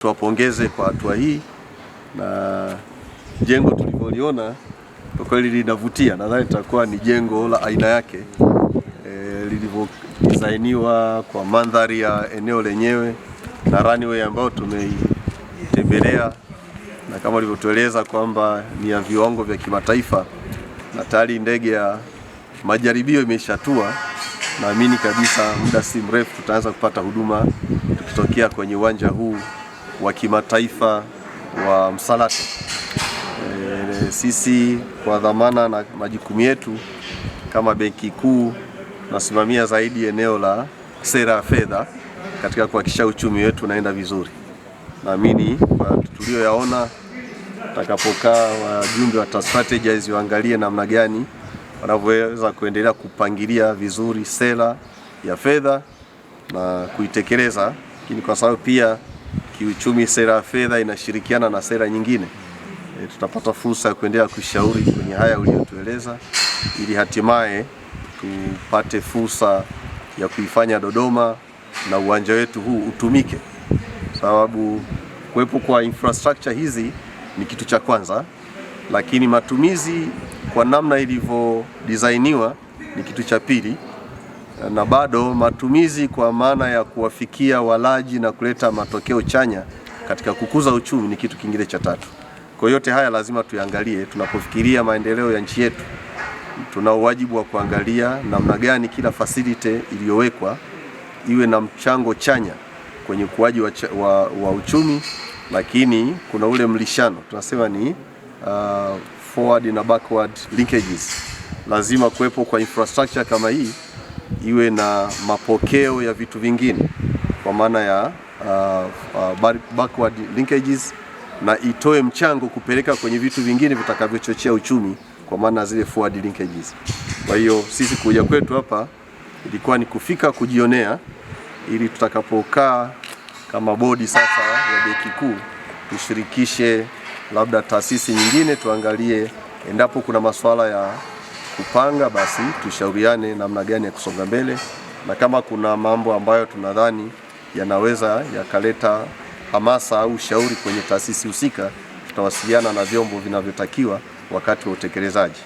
Tuwapongeze kwa hatua hii na jengo tulivyoliona kwa kweli linavutia. Nadhani litakuwa ni jengo la aina yake e, lilivyodisainiwa kwa mandhari ya eneo lenyewe na runway ambayo tumeitembelea, na kama alivyotueleza kwamba ni ya viwango vya kimataifa na tayari ndege ya majaribio imeshatua. Naamini kabisa muda si mrefu tutaanza kupata huduma tukitokea kwenye uwanja huu wa kimataifa wa msalati. E, eh, sisi kwa dhamana na majukumu yetu kama Benki Kuu tunasimamia zaidi eneo la sera ya fedha katika kuhakikisha uchumi wetu unaenda vizuri. Naamini kwa tuliyoyaona, takapokaa wajumbe wa strategies waangalie namna gani wanavyoweza kuendelea kupangilia vizuri sera ya fedha na kuitekeleza, lakini kwa sababu pia kiuchumi, sera ya fedha inashirikiana na sera nyingine e, tutapata fursa ya kuendelea kushauri kwenye haya uliyotueleza ili hatimaye tupate fursa ya kuifanya Dodoma na uwanja wetu huu utumike, sababu kuwepo kwa infrastructure hizi ni kitu cha kwanza, lakini matumizi kwa namna ilivyodesainiwa ni kitu cha pili na bado matumizi kwa maana ya kuwafikia walaji na kuleta matokeo chanya katika kukuza uchumi ni kitu kingine cha tatu. Kwa yote haya lazima tuyaangalie tunapofikiria maendeleo ya nchi yetu. Tuna uwajibu wa kuangalia namna gani kila facility iliyowekwa iwe na mchango chanya kwenye ukuaji wa, wa, wa uchumi, lakini kuna ule mlishano tunasema ni uh, forward na backward linkages. Lazima kuwepo kwa infrastructure kama hii iwe na mapokeo ya vitu vingine kwa maana ya uh, uh, backward linkages na itoe mchango kupeleka kwenye vitu vingine vitakavyochochea uchumi kwa maana zile forward linkages. Kwa hiyo sisi kuja kwetu hapa ilikuwa ni kufika kujionea, ili tutakapokaa kama bodi sasa ya benki kuu tushirikishe labda taasisi nyingine, tuangalie endapo kuna masuala ya kupanga, basi tushauriane namna gani ya kusonga mbele, na kama kuna mambo ambayo tunadhani yanaweza yakaleta hamasa au ushauri kwenye taasisi husika, tutawasiliana na vyombo vinavyotakiwa wakati wa utekelezaji.